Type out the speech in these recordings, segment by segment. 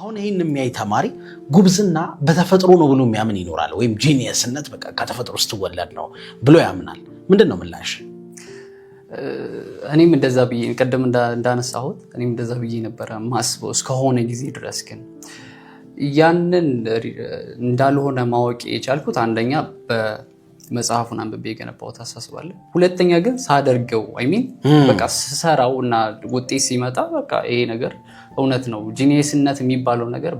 አሁን ይህን የሚያይ ተማሪ ጉብዝና በተፈጥሮ ነው ብሎ የሚያምን ይኖራል። ወይም ጂኒየስነት በቃ ከተፈጥሮ ስትወለድ ነው ብሎ ያምናል። ምንድን ነው ምላሽ? እኔም እንደዛ ብዬ ቀደም እንዳነሳሁት እኔም እንደዛ ብዬ ነበረ ማስበው እስከሆነ ጊዜ ድረስ ግን ያንን እንዳልሆነ ማወቅ የቻልኩት አንደኛ መጽሐፉን አንብቤ የገነባው ታሳስባለህ። ሁለተኛ ግን ሳደርገው አይሚን በቃ ስሰራው እና ውጤት ሲመጣ በቃ ይሄ ነገር እውነት ነው። ጂኒየስነት የሚባለው ነገር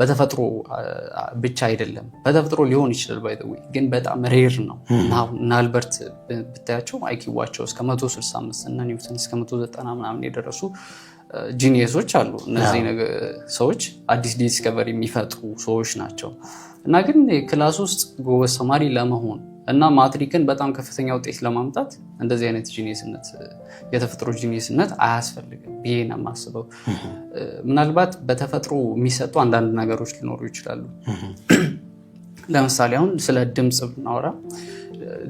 በተፈጥሮ ብቻ አይደለም። በተፈጥሮ ሊሆን ይችላል ባይ ዘ ግን በጣም ሬር ነው እና አልበርት ብታያቸው አይኪዋቸው እስከ 165 እና ኒውተን እስከ 190 ምናምን የደረሱ ጂኒየሶች አሉ። እነዚህ ሰዎች አዲስ ዲስከቨሪ የሚፈጥሩ ሰዎች ናቸው። እና ግን ክላስ ውስጥ ጎበዝ ተማሪ ለመሆን እና ማትሪክን በጣም ከፍተኛ ውጤት ለማምጣት እንደዚህ አይነት ጂኒየስነት የተፈጥሮ ጂኒየስነት አያስፈልግም ብዬ ነው የማስበው። ምናልባት በተፈጥሮ የሚሰጡ አንዳንድ ነገሮች ሊኖሩ ይችላሉ። ለምሳሌ አሁን ስለ ድምፅ ብናወራ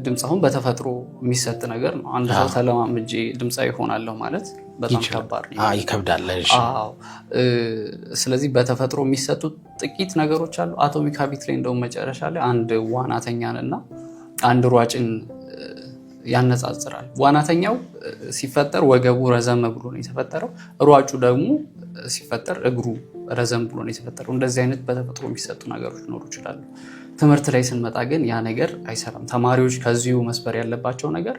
ድምፅ አሁን በተፈጥሮ የሚሰጥ ነገር ነው። አንድ ሰው ተለማምጄ ድምፃዊ ይሆናለሁ ማለት በጣም ከባድ ነው፣ ይከብዳል። ስለዚህ በተፈጥሮ የሚሰጡ ጥቂት ነገሮች አሉ። አቶሚክ ሀቢት ላይ እንደውም መጨረሻ ላይ አንድ ዋናተኛን እና አንድ ሯጭን ያነጻጽራል። ዋናተኛው ሲፈጠር ወገቡ ረዘም ብሎ ነው የተፈጠረው። ሯጩ ደግሞ ሲፈጠር እግሩ ረዘም ብሎ ነው የተፈጠረው። እንደዚህ አይነት በተፈጥሮ የሚሰጡ ነገሮች ሊኖሩ ይችላሉ። ትምህርት ላይ ስንመጣ ግን ያ ነገር አይሰራም። ተማሪዎች ከዚሁ መስበር ያለባቸው ነገር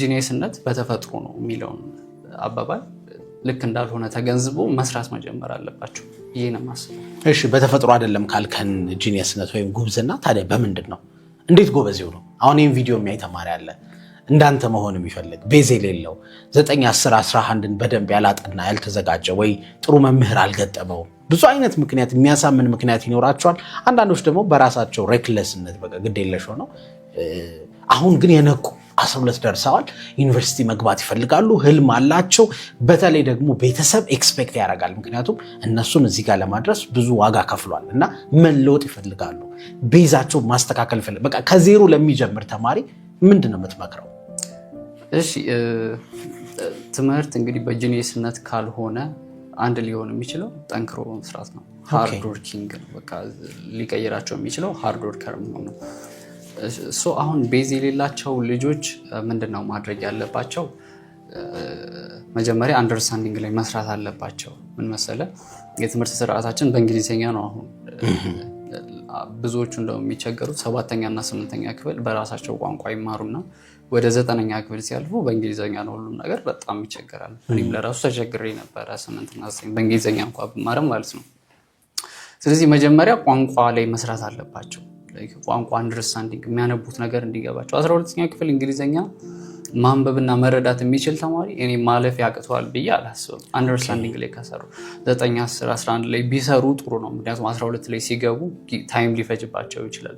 ጂኔስነት በተፈጥሮ ነው የሚለውን አባባል ልክ እንዳልሆነ ተገንዝቦ መስራት መጀመር አለባቸው። ይህ ነው እሺ፣ በተፈጥሮ አይደለም ካልከን ጂኒየስነት ወይም ጉብዝና ታዲያ በምንድን ነው? እንዴት ጎበዝ ነው? አሁን ይህም ቪዲዮ የሚያይ ተማሪ አለ እንዳንተ መሆን የሚፈልግ ቤዝ የሌለው 9 10 11ን በደንብ ያላጠና ያልተዘጋጀ ወይ ጥሩ መምህር አልገጠመውም ብዙ አይነት ምክንያት የሚያሳምን ምክንያት ይኖራቸዋል። አንዳንዶች ደግሞ በራሳቸው ሬክለስነት በቃ ግድ የለሽ ሆነው አሁን ግን የነቁ አስራ ሁለት ደርሰዋል። ዩኒቨርሲቲ መግባት ይፈልጋሉ፣ ህልም አላቸው። በተለይ ደግሞ ቤተሰብ ኤክስፔክት ያደርጋል። ምክንያቱም እነሱን እዚህ ጋር ለማድረስ ብዙ ዋጋ ከፍሏል እና መለወጥ ይፈልጋሉ። ቤዛቸው ማስተካከል ይፈልጋል። በቃ ከዜሮ ለሚጀምር ተማሪ ምንድን ነው የምትመክረው? እሺ ትምህርት እንግዲህ በጂኒየስነት ካልሆነ አንድ ሊሆን የሚችለው ጠንክሮ መስራት ነው። ሃርድ በቃ ሊቀይራቸው የሚችለው ሃርድ ወርከር መሆን ነው። እሱ አሁን ቤዝ የሌላቸው ልጆች ምንድነው ማድረግ ያለባቸው? መጀመሪያ አንደርስታንዲንግ ላይ መስራት አለባቸው። ምን መሰለ፣ የትምህርት ስርዓታችን በእንግሊዝኛ ነው። አሁን ብዙዎቹ እንደው የሚቸገሩት ሰባተኛ እና ስምንተኛ ክፍል በራሳቸው ቋንቋ ይማሩና ወደ ዘጠነኛ ክፍል ሲያልፉ በእንግሊዝኛ ነው ሁሉም ነገር በጣም ይቸገራል። እኔም ለራሱ ተቸግሬ ነበረ ስምንትና ዘጠኝ በእንግሊዝኛ እንኳ ብማርም ማለት ነው። ስለዚህ መጀመሪያ ቋንቋ ላይ መስራት አለባቸው። ቋንቋ አንደርስታንዲንግ የሚያነቡት ነገር እንዲገባቸው። አስራ ሁለተኛ ክፍል እንግሊዝኛ ማንበብና መረዳት የሚችል ተማሪ እኔ ማለፍ ያቅተዋል ብዬ አላስብም። አንደርስታንዲንግ ላይ ከሰሩ ዘጠኝ አስር አስራ አንድ ላይ ቢሰሩ ጥሩ ነው። ምክንያቱም አስራ ሁለት ላይ ሲገቡ ታይም ሊፈጅባቸው ይችላል።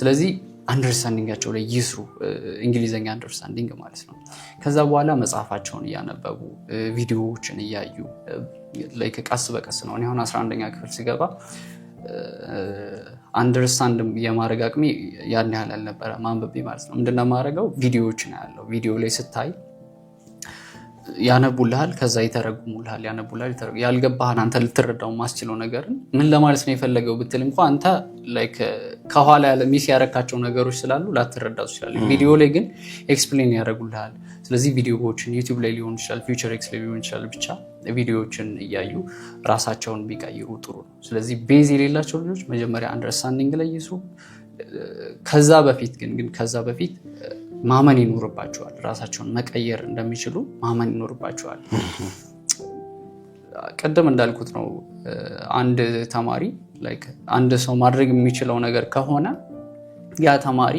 ስለዚህ አንደርስታንዲንጋቸው ላይ ይስሩ፣ እንግሊዘኛ አንደርስታንዲንግ ማለት ነው። ከዛ በኋላ መጽሐፋቸውን እያነበቡ ቪዲዮዎችን እያዩ ላይክ ቀስ በቀስ ነው። እኔ አሁን 11ኛ ክፍል ሲገባ አንደርስታንድ የማድረግ አቅሜ ያን ያህል አልነበረ ማንበቤ ማለት ነው። ምንድና ማድረገው ቪዲዮዎችን ያለው ቪዲዮ ላይ ስታይ ያነቡልሃል ከዛ ይተረጉሙልሃል። ያነቡልሃል ያልገባህን አንተ ልትረዳው ማስችለው ነገርን ምን ለማለት ነው የፈለገው ብትል እንኳ አንተ ላይክ ከኋላ ያለ ሚስ ያረካቸው ነገሮች ስላሉ ላትረዳ ትችላለህ። ቪዲዮ ላይ ግን ኤክስፕሌን ያደረጉልል። ስለዚህ ቪዲዮዎችን ዩቲዩብ ላይ ሊሆን ይችላል፣ ፊውቸር ኤክስ ላይ ሊሆን ይችላል። ብቻ ቪዲዮዎችን እያዩ ራሳቸውን ቢቀይሩ ጥሩ ነው። ስለዚህ ቤዝ የሌላቸው ልጆች መጀመሪያ አንደርስታንዲንግ ላይ ይሱ። ከዛ በፊት ግን ግን ከዛ በፊት ማመን ይኖርባቸዋል። ራሳቸውን መቀየር እንደሚችሉ ማመን ይኖርባቸዋል። ቅድም እንዳልኩት ነው አንድ ተማሪ አንድ ሰው ማድረግ የሚችለው ነገር ከሆነ ያ ተማሪ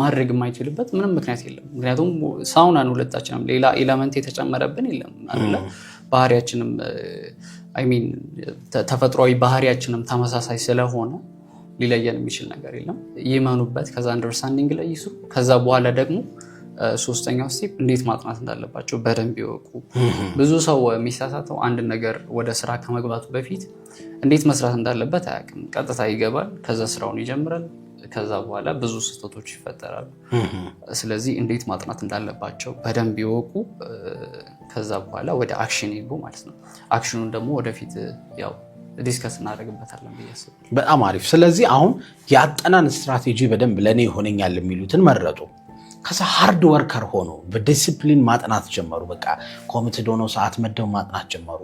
ማድረግ የማይችልበት ምንም ምክንያት የለም። ምክንያቱም ሳውናን ሁለታችንም ሌላ ኤለመንት የተጨመረብን የለም አለ ባህሪያችንም ሚን ተፈጥሯዊ ባህሪያችንም ተመሳሳይ ስለሆነ ሊለየን የሚችል ነገር የለም። ይመኑበት፣ ከዛ አንደርስታንዲንግ ላይ ይስሩ። ከዛ በኋላ ደግሞ ሶስተኛው ስቴፕ እንዴት ማጥናት እንዳለባቸው በደንብ ይወቁ። ብዙ ሰው የሚሳሳተው አንድ ነገር ወደ ስራ ከመግባቱ በፊት እንዴት መስራት እንዳለበት አያውቅም። ቀጥታ ይገባል፣ ከዛ ስራውን ይጀምራል። ከዛ በኋላ ብዙ ስህተቶች ይፈጠራሉ። ስለዚህ እንዴት ማጥናት እንዳለባቸው በደንብ ይወቁ። ከዛ በኋላ ወደ አክሽን ይግቡ ማለት ነው። አክሽኑን ደግሞ ወደፊት ያው ዲስከስ እናደርግበታለን ብዬ አስባለሁ። በጣም አሪፍ። ስለዚህ አሁን የአጠናን ስትራቴጂ በደንብ ለእኔ ይሆነኛል የሚሉትን መረጡ። ከዛ ሃርድ ወርከር ሆኑ። በዲስፕሊን ማጥናት ጀመሩ። በቃ ኮሚትድ ሆነው ሰዓት መደው ማጥናት ጀመሩ።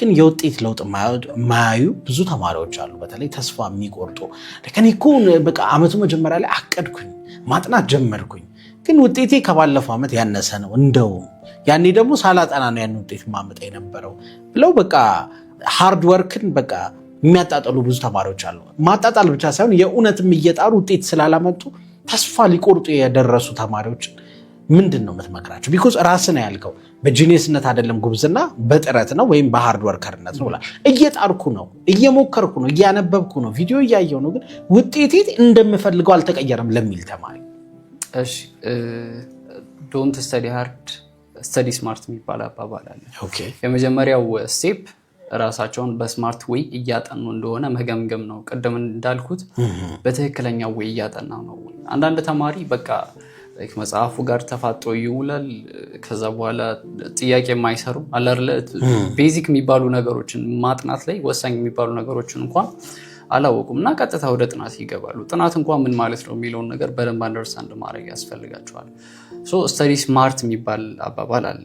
ግን የውጤት ለውጥ የማያዩ ብዙ ተማሪዎች አሉ። በተለይ ተስፋ የሚቆርጡ ከኔ እኮ በቃ አመቱ መጀመሪያ ላይ አቀድኩኝ፣ ማጥናት ጀመርኩኝ፣ ግን ውጤቴ ከባለፈው ዓመት ያነሰ ነው። እንደውም ያኔ ደግሞ ሳላጠና ነው ያን ውጤት ማመጣ የነበረው ብለው በቃ ሃርድ ወርክን በቃ የሚያጣጠሉ ብዙ ተማሪዎች አሉ። ማጣጣል ብቻ ሳይሆን የእውነትም እየጣሩ ውጤት ስላላመጡ ተስፋ ሊቆርጡ የደረሱ ተማሪዎች ምንድን ነው የምትመክራቸው? ቢኮዝ ራስን ያልከው በጂኒየስነት አይደለም ጉብዝና በጥረት ነው ወይም በሃርድ ወርከርነት ነው። እየጣርኩ ነው፣ እየሞከርኩ ነው፣ እያነበብኩ ነው፣ ቪዲዮ እያየው ነው፣ ግን ውጤቴ እንደምፈልገው አልተቀየረም ለሚል ተማሪ ዶንት ስተዲ ሃርድ ስተዲ ስማርት የሚባል አባባል አለ። የመጀመሪያው ስቴፕ ራሳቸውን በስማርት ወይ እያጠኑ እንደሆነ መገምገም ነው። ቅድም እንዳልኩት በትክክለኛ ወይ እያጠና ነው አንዳንድ ተማሪ በቃ መጽሐፉ ጋር ተፋጦ ይውላል። ከዛ በኋላ ጥያቄ የማይሰሩ አለርለ ቤዚክ የሚባሉ ነገሮችን ማጥናት ላይ ወሳኝ የሚባሉ ነገሮችን እንኳን አላወቁም እና ቀጥታ ወደ ጥናት ይገባሉ። ጥናት እንኳን ምን ማለት ነው የሚለውን ነገር በደንብ አንደርስታንድ ማድረግ ያስፈልጋቸዋል። ስተዲ ስማርት የሚባል አባባል አለ።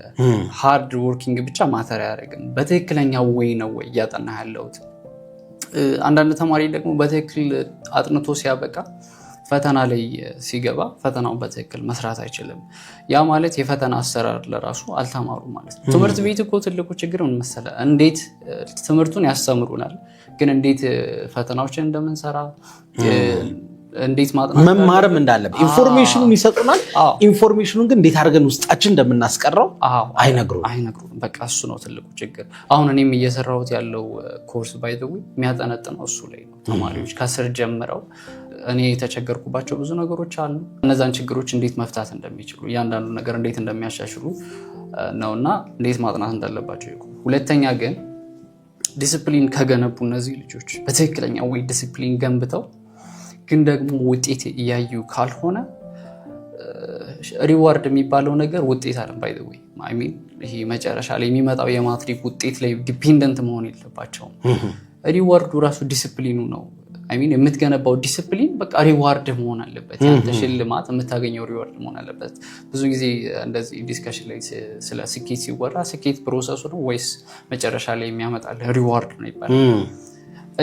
ሃርድ ወርኪንግ ብቻ ማተር አያደርግም። በትክክለኛ ወይ ነው ወይ እያጠና ያለሁት። አንዳንድ ተማሪ ደግሞ በትክክል አጥንቶ ሲያበቃ ፈተና ላይ ሲገባ ፈተናውን በትክክል መስራት አይችልም። ያ ማለት የፈተና አሰራር ለራሱ አልተማሩም ማለት ነው። ትምህርት ቤት እኮ ትልቁ ችግር ምን መሰለህ? እንዴት ትምህርቱን ያስተምሩናል፣ ግን እንዴት ፈተናዎችን እንደምንሰራ እንዴት ማጥናት መማርም እንዳለብን ኢንፎርሜሽኑን ይሰጡናል። ኢንፎርሜሽኑን ግን እንዴት አድርገን ውስጣችን እንደምናስቀረው አይነግሩ አይነግሩ በቃ እሱ ነው ትልቁ ችግር። አሁን እኔም እየሰራሁት ያለው ኮርስ ባይዘዊ የሚያጠነጥነው እሱ ላይ ነው። ተማሪዎች ከስር ጀምረው እኔ የተቸገርኩባቸው ብዙ ነገሮች አሉ። እነዛን ችግሮች እንዴት መፍታት እንደሚችሉ እያንዳንዱ ነገር እንዴት እንደሚያሻሽሉ ነውእና እንዴት ማጥናት እንዳለባቸው። ሁለተኛ ግን ዲስፕሊን ከገነቡ እነዚህ ልጆች በትክክለኛ ወይ ዲስፕሊን ገንብተው ግን ደግሞ ውጤት እያዩ ካልሆነ ሪዋርድ የሚባለው ነገር ውጤት አለም ባይ ወይ ይሄ መጨረሻ ላይ የሚመጣው የማትሪክ ውጤት ላይ ዲፔንደንት መሆን የለባቸውም። ሪዋርዱ ራሱ ዲስፕሊኑ ነው ሚን የምትገነባው ዲስፕሊን በቃ ሪዋርድ መሆን አለበት። ያንተ ሽልማት የምታገኘው ሪዋርድ መሆን አለበት። ብዙ ጊዜ እንደዚህ ዲስከሽን ላይ ስለ ስኬት ሲወራ ስኬት ፕሮሰሱ ነው ወይስ መጨረሻ ላይ የሚያመጣልህ ሪዋርድ ነው ይባላል።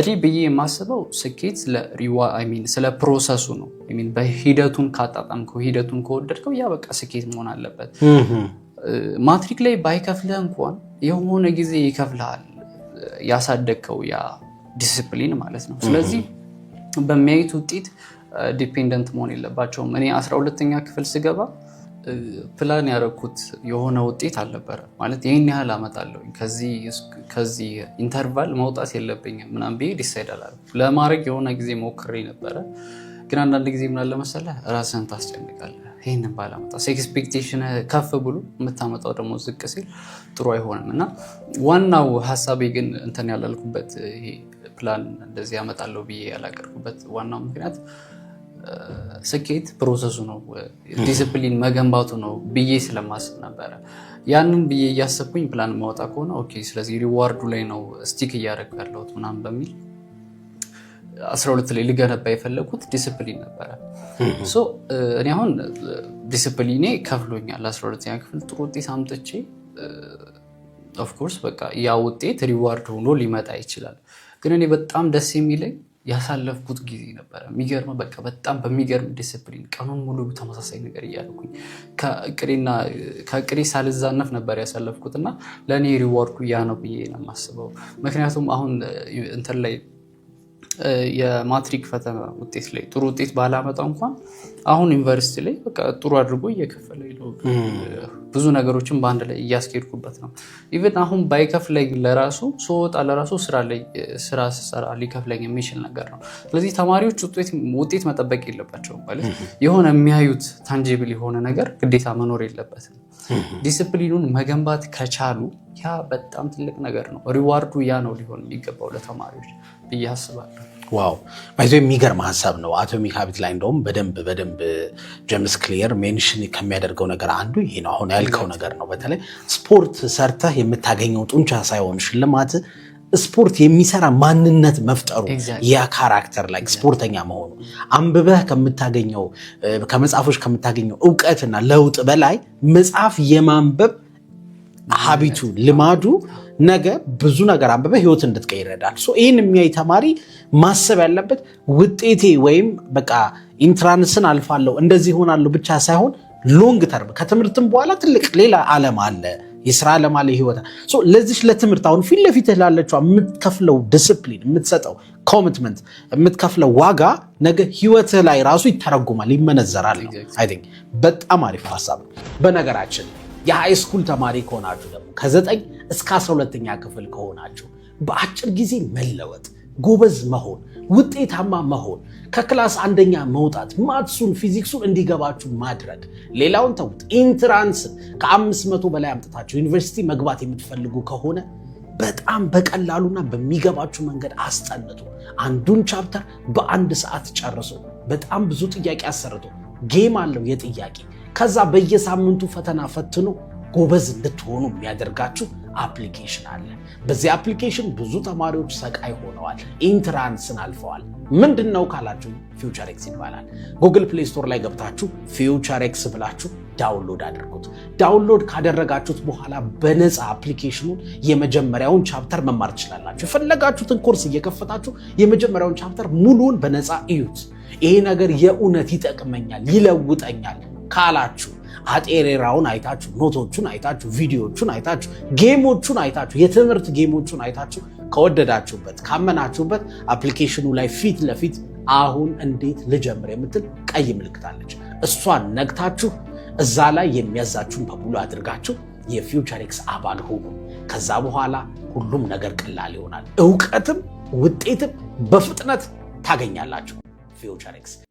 እኔ ብዬ የማስበው ስኬት ስለ ፕሮሰሱ ነው። በሂደቱን ካጣጣምከው፣ ሂደቱን ከወደድከው ያ በቃ ስኬት መሆን አለበት። ማትሪክ ላይ ባይከፍልህ እንኳን የሆነ ጊዜ ይከፍልሃል፣ ያሳደግከው ያ ዲስፕሊን ማለት ነው። ስለዚህ በሚያዩት ውጤት ዲፔንደንት መሆን የለባቸውም። እኔ አስራ ሁለተኛ ክፍል ስገባ ፕላን ያደረኩት የሆነ ውጤት አልነበረ ማለት ይህን ያህል አመጣለሁ ከዚህ ኢንተርቫል መውጣት የለብኝም ምናም ብዬ ዲሳይድ ለማድረግ የሆነ ጊዜ ሞክሬ ነበረ፣ ግን አንዳንድ ጊዜ ምን አለ ራስን ታስጨንቃለ ይህንን ባላመጣ ኤክስፔክቴሽን ከፍ ብሎ የምታመጣው ደግሞ ዝቅ ሲል ጥሩ አይሆንም እና ዋናው ሀሳቤ ግን እንትን ያላልኩበት ፕላን እንደዚህ ያመጣለው ብዬ ያላቀርኩበት ዋናው ምክንያት ስኬት ፕሮሰሱ ነው፣ ዲስፕሊን መገንባቱ ነው ብዬ ስለማስብ ነበረ። ያንን ብዬ እያሰብኩኝ ፕላን ማወጣ ከሆነ ኦኬ፣ ስለዚህ ሪዋርዱ ላይ ነው ስቲክ እያደረግ ያለሁት ምናምን በሚል 12 ላይ ልገነባ የፈለግኩት ዲስፕሊን ነበረ። እኔ አሁን ዲስፕሊኔ ከፍሎኛል። 12ኛ ክፍል ጥሩ ውጤት አምጥቼ ኦፍኮርስ በቃ ያ ውጤት ሪዋርድ ሆኖ ሊመጣ ይችላል። ግን እኔ በጣም ደስ የሚለኝ ያሳለፍኩት ጊዜ ነበረ። የሚገርም በቃ በጣም በሚገርም ዲስፕሊን ቀኑን ሙሉ ተመሳሳይ ነገር እያልኩኝ ከእቅዴ ሳልዛነፍ ነበር ያሳለፍኩት እና ለእኔ ሪዋርዱ ያ ነው ብዬ ነው የማስበው። ምክንያቱም አሁን እንትን ላይ የማትሪክ ፈተና ውጤት ላይ ጥሩ ውጤት ባላመጣ እንኳን አሁን ዩኒቨርሲቲ ላይ በቃ ጥሩ አድርጎ እየከፈለ ነው ብዙ ነገሮችን በአንድ ላይ እያስኬድኩበት ነው። ኢቨን አሁን ባይከፍለኝ ለራሱ ስወጣ ለራሱ ስራ ላይ ስራ ስሰራ ሊከፍለኝ የሚችል ነገር ነው። ስለዚህ ተማሪዎች ውጤት መጠበቅ የለባቸውም ማለት የሆነ የሚያዩት ታንጂብል የሆነ ነገር ግዴታ መኖር የለበትም። ዲስፕሊኑን መገንባት ከቻሉ ያ በጣም ትልቅ ነገር ነው። ሪዋርዱ ያ ነው ሊሆን የሚገባው ለተማሪዎች ብዬ አስባለሁ። ዋው ባይዞ የሚገርም ሀሳብ ነው። አቶሚክ ሀቢት ላይ እንደውም በደንብ በደንብ ጀምስ ክሊየር ሜንሽን ከሚያደርገው ነገር አንዱ ይሄ ነው። አሁን ያልከው ነገር ነው። በተለይ ስፖርት ሰርተህ የምታገኘው ጡንቻ ሳይሆን ሽልማት ስፖርት የሚሰራ ማንነት መፍጠሩ ያ ካራክተር ላይ ስፖርተኛ መሆኑ አንብበህ ከምታገኘው ከመጽሐፎች ከምታገኘው እውቀትና ለውጥ በላይ መጽሐፍ የማንበብ ሀቢቱ ልማዱ ነገ ብዙ ነገር አንብበ ህይወት እንድትቀይ ይረዳል። ይህን የሚያይ ተማሪ ማሰብ ያለበት ውጤቴ ወይም በቃ ኢንትራንስን አልፋለሁ እንደዚህ ሆናለሁ ብቻ ሳይሆን ሎንግ ተርም ከትምህርትም በኋላ ትልቅ ሌላ ዓለም አለ፣ የስራ ዓለም አለ፣ ህይወት ለዚች ለትምህርት አሁን ፊት ለፊት ላለችው የምትከፍለው ዲስፕሊን፣ የምትሰጠው ኮሚትመንት፣ የምትከፍለው ዋጋ ነገ ህይወትህ ላይ ራሱ ይተረጉማል፣ ይመነዘራል። በጣም አሪፍ ሀሳብ ነው በነገራችን የሃይስኩል ተማሪ ከሆናችሁ ደግሞ ከዘጠኝ እስከ 12ኛ ክፍል ከሆናችሁ በአጭር ጊዜ መለወጥ፣ ጎበዝ መሆን፣ ውጤታማ መሆን፣ ከክላስ አንደኛ መውጣት፣ ማትሱን ፊዚክሱን እንዲገባችሁ ማድረግ፣ ሌላውን ተውት። ኢንትራንስ ከአምስት መቶ በላይ አምጥታችሁ ዩኒቨርሲቲ መግባት የምትፈልጉ ከሆነ በጣም በቀላሉና በሚገባችሁ መንገድ አስጠንቶ አንዱን ቻፕተር በአንድ ሰዓት ጨርሶ በጣም ብዙ ጥያቄ አሰርቶ ጌም አለው የጥያቄ ከዛ በየሳምንቱ ፈተና ፈትኖ ጎበዝ እንድትሆኑ የሚያደርጋችሁ አፕሊኬሽን አለ። በዚህ አፕሊኬሽን ብዙ ተማሪዎች ሰቃይ ሆነዋል፣ ኢንትራንስን አልፈዋል። ምንድን ነው ካላችሁ ፊውቸር ኤክስ ይባላል። ጉግል ፕሌይ ስቶር ላይ ገብታችሁ ፊውቸር ኤክስ ብላችሁ ዳውንሎድ አድርጉት። ዳውንሎድ ካደረጋችሁት በኋላ በነፃ አፕሊኬሽኑን የመጀመሪያውን ቻፕተር መማር ትችላላችሁ። የፈለጋችሁትን ኮርስ እየከፈታችሁ የመጀመሪያውን ቻፕተር ሙሉውን በነፃ እዩት። ይሄ ነገር የእውነት ይጠቅመኛል፣ ይለውጠኛል ካላችሁ አጤሬራውን አይታችሁ ኖቶቹን አይታችሁ ቪዲዮቹን አይታችሁ ጌሞቹን አይታችሁ የትምህርት ጌሞቹን አይታችሁ ከወደዳችሁበት ካመናችሁበት አፕሊኬሽኑ ላይ ፊት ለፊት አሁን እንዴት ልጀምር የምትል ቀይ ምልክታለች እሷን ነግታችሁ እዛ ላይ የሚያዛችሁን በሙሉ አድርጋችሁ የፊውቸር ኤክስ አባል ሁኑ። ከዛ በኋላ ሁሉም ነገር ቀላል ይሆናል። እውቀትም ውጤትም በፍጥነት ታገኛላችሁ። ፊውቸር ኤክስ